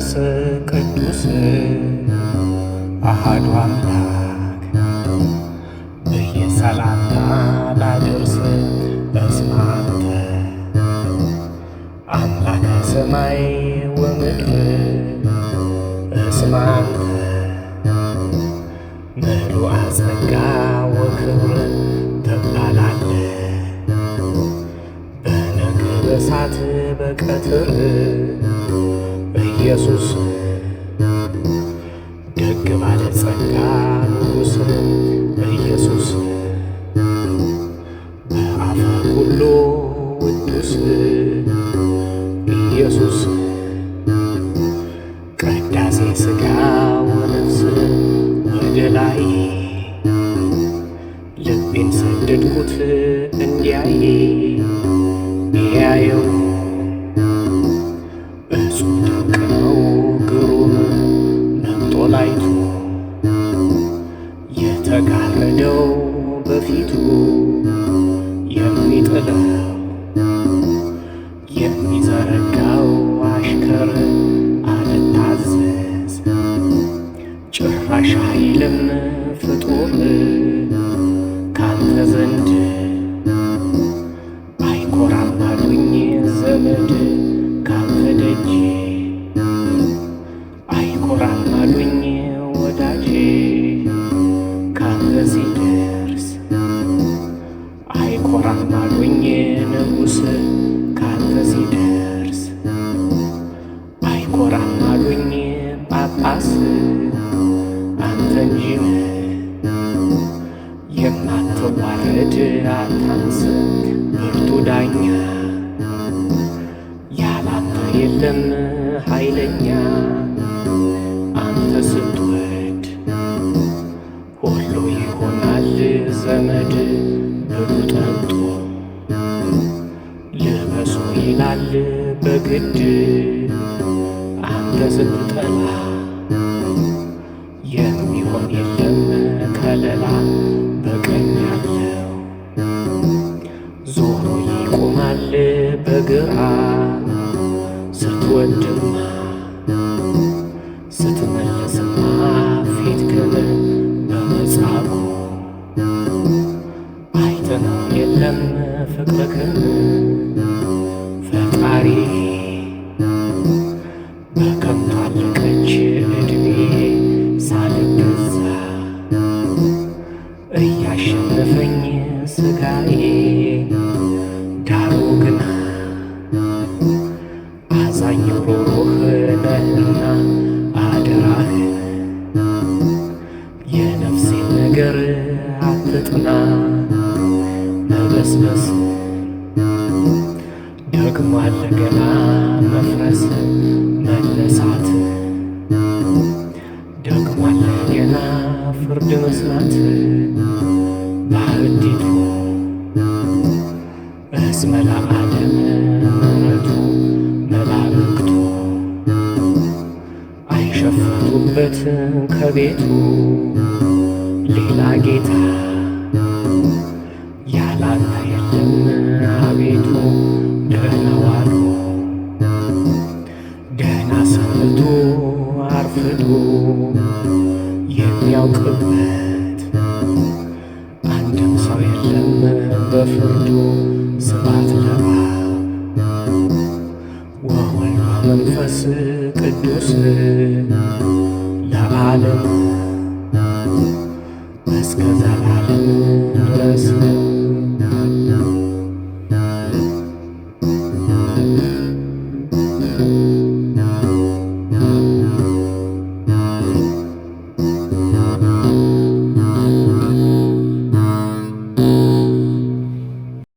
መንፈስ ቅዱስ አሐዱ አምላክ በየሰላምታ ላደርስ እስመ አንተ አምላከ ሰማይ ወምድር እስመ አንተ ምሉአ ጸጋ ወክብር ትባላለህ በነግ በሳት በቀትር ኢየሱስ ደግ ባለ ጸጋ ንጉሥ ኢየሱስ በአፈ ኩሎ ቅዱስ ኢየሱስ ቅዳሴ ሥጋ ወነፍስ ወደ ላይ ልቤን ሰደድኩት እንዲያይ ያየው ላይቱ የተጋረደው በፊቱ የሚጥለው የሚዘረጋ ይሆናል በግድ አንተ ስትጠላ የሚሆን የለም ከለላ በቀኝ ያለው ዞሮ ይቆማል በግራ ስትወድማ ስትመለስማ ፊት ግን በመጻጉ አይተነው የለም ፍቅርክን ፈጣሪ በከንቱ አለቀች እድሜ ሳልገዛ እያሸነፈኝ ስጋዬ ዳሩ ግና አዛኝ ሮሮህ ነህና አደራህ የነፍሴን ነገር አትጥና መበስበስ ደግሟል ገና መፍረስ መነሳት ደግሟል ገና ፍርድ መስራት ባህዲቱ እስመ ለዓለም ምሕረቱ ከቤቱ ሌላ ጌታ የሚያውቅበት አንድም ሰው የለም። በፍርዱ ስብሐት ለአብ ወወልድ ወመንፈስ ቅዱስ ለዓለም